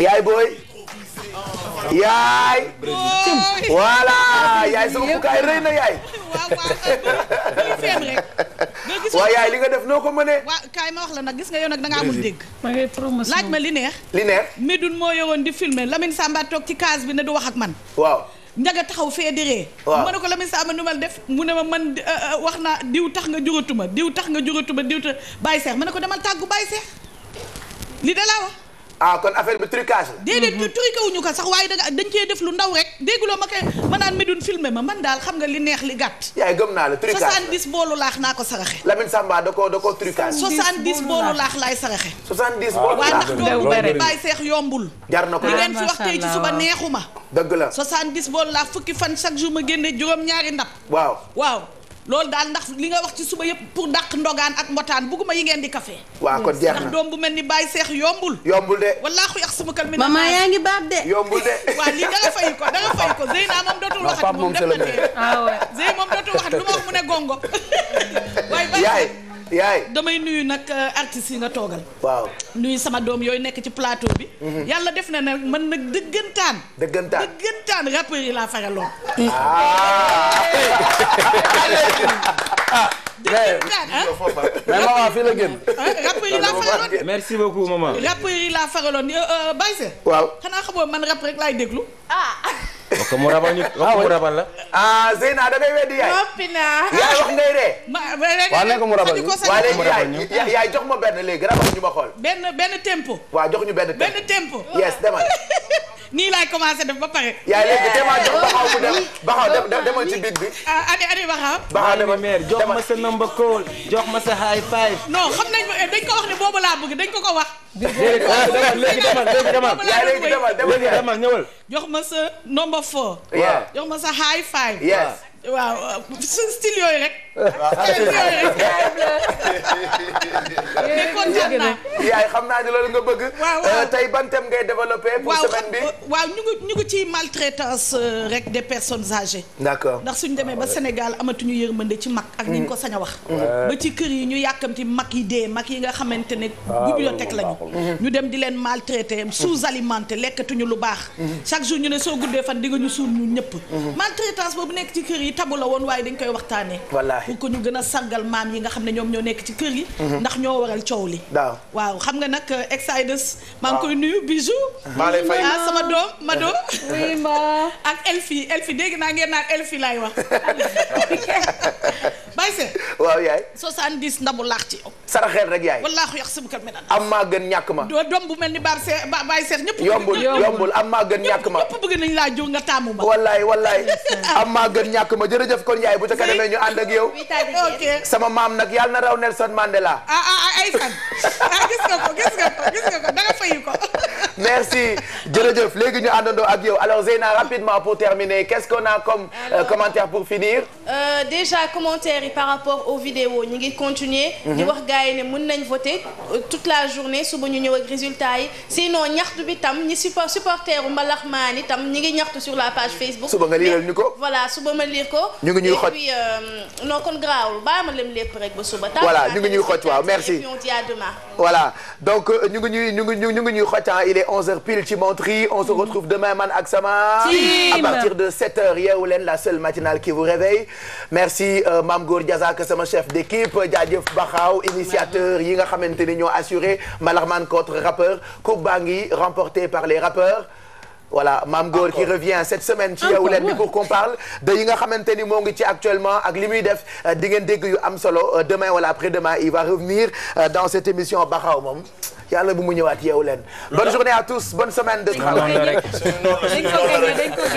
yaay booy. yaay. voilà yaay sama bukaay rëy na yaay. waaw yaay li nga def noo ko mënee. waaw kaay ma wax la nag gis nga yoon ak danga ngaa amul dégg. ma ngay laaj ma li neex. li neex. Médoune moo yoroon di filmer Lamine Samba toog ci case bi ne du wax ak man. waaw. njaga taxaw fee di ree ma ne ko Lamine Samba nu ma def mu ne ma man euh, euh, wax naa diw tax nga juratuma diw tax nga juratuma diw tax bàyyi seex ma ne ko demal tàggu bàyyi seex li da laa ah kon affaire bi trucage la. déedéet tu truqué wuñu ko sax waaye dañ cee def lu ndaw rek dégguloo ma xam nga li neex li gàtt. yaay la trucage la boolu laax naa ko saraxe. Lamine Samba da koo da koo trucage. 70 boolu laax laay saraxe. 70 boolu laax waaw ndax doomu bëri bàyyi seex yombul. jar na ko li leen fi wax tey ci suba neexuma. dëgg la 70 boolu laax fukki fan chaque jour ma génne juróom-ñaari ndab. waaw waaw. loolu daal ndax li nga wax ci suba yëpp pour dàq ndogaan ak mbotaan bugguma yi ngeen di café waaw kon jeex na doom bu mel ni Baye Seex yombul yombul de wallaahu yaxsimu kal mina maman yaa ngi baab de yombul de waaw ko da moom dootul waxat moom def na dee ah Zey moom dootul gongo waaye yaay yaay damay nuyu nag euh, artistes yi nga toogal waaw nuyu sama doom yooyu nekk ci plateau bi mhm. yàlla def na ne man nag dëggantaan dëggantaan dëggantaan rappeur yi laa faraloon ah. ah. mais maman fii la génn. rap yi laa faraloon merci beaucoup maman. rap yi laa faraloon Bayse. waaw xanaa xamoo man rap rek laay déglu. ah. mu rabal la. ah Zeyna da ngay weddi yaay. noppi naa yaay wax ngay de. ma waaw nekk mu rabal yaay jox ma benn léegi rabal ñu ma xool. benn benn tempo. waaw jox ñu benn tempo. commencé def ba pare. ya léegi dama jox baxaw mu dem baxaw demal ci bit bi. ah adi adi baxaw. baxaw dama mère jox ma sa number call jox ma sa high five. non xam nañ eh, dañ ko wax ne boobu laa bëgg dañ ko ko wax. léegi demal léegi demal léegi demal léegi demal ñëwal. jox ma sa number four. waaw jox ma sa high five. yes waaw suñu style yooyu rek. waaw style yooyu rek. yaay xam naa ni loolu nga bëgg. waaw euh, tey ban ngay développé. pour semaine bi waaw ñu ngi ñu ngi ci maltraitance euh, rek des personnes âgées. ndax suñ demee ba ah, Sénégal amatuñu yërmande ci mag. ak ni ñu ko sañ a wax. Mm. Mm. ba ci kër yi ñu yàkkamti mag yi dee mag yi nga xamante ne. Ah, bibliothèque lañu. Mm-hmm. ñu dem di leen maltraité mm-hmm. sous alimenté lekkatuñu lu baax. Mm-hmm. chaque jour ñu ne soo guddee fan di ñu suul ñun ñëpp. maltraitance boobu nekk ci kër yi tabu la woon waaye dañ koy waxtaanee. wallaahi pour que ñu gën a sargal maam yi nga xam ne ñoom ñoo nekk ci kër yi. ndax ñoo waral coow li waaw xam nga nag euh, Exidus. maa ngi koy nuyu bijou. maa lay fay ah, sama doom Mado. oui ak Elfi Elfi dégg naa ngeen naan Elfi laay wax. ayse waaw yaay soixante-dix ndabu laax ci yow rek yaay wallaahu yax sibukat mi nan am maa gën ñàkk ma doo doom bu mel ni baar see baay seet ñëpp yombul yombul am maa gën ñàkk ma ñëpp bëgg nañ laa jóg nga taamu ma wallaay wallaay am maa gën ñàkk ma jërëjëf kon yaay bu ca kanamee ñu ànd ak yow sama maam nag yàlla na raw Nelson Mandela ah ah, ah, ah gis nga ko gis nga ko danga fayu ko merci jërëjëf léegi ñu àndandoo ak yow alors Zeyna rapidement pour terminer qu'est-ce qu'on a comme euh, alors, euh, commentaire pour finir. Euh, déjà commentaire yi par rapport aux vidéos ñu ngi continuer. Mhm. di wax gars yi ne mën nañ voter euh, toute la journée suba ñu ñëw ak résultat yi sinon ñaxtu bi tam ñi suppo supporter u mbalax maan yi tam ñi ngi ñaxtu sur la page Facebook. suba nga liiral ñu ko voilà suba ma liir ko. ñu ngi ñuy xoj et puis non ma lem lépp rek ba suba. voilà ñu ngi ñuy xoj waaw merci voilà donc ñu ngi ñuy ñu ngi ñu ngi ñuy xoj 11h pile ci Montreux on se retrouve demain man ak sama à de 7h Leen la seule matinale qui vous réveille merci euh, Mame Goor Diazaka sama chef d'équipe jaajëf Baxaw initiateur yi nga xamante ni ñoo assuré Malarman contre rappeur coupe baa ngi remportée par les rappeurs voilà Mame Goor qui revient cette semaine ci Yeewu Leen bi pour qu'on parle de yi nga xamante ni moo ngi ci actuellement ak li muy def euh, di ngeen dégg am solo euh, demain wala après demain il va revenir dans cette émission Baxaw moom yàlla bu mu ñëwaat yeewu leen. bonne journée à tous bonne semaine de travail.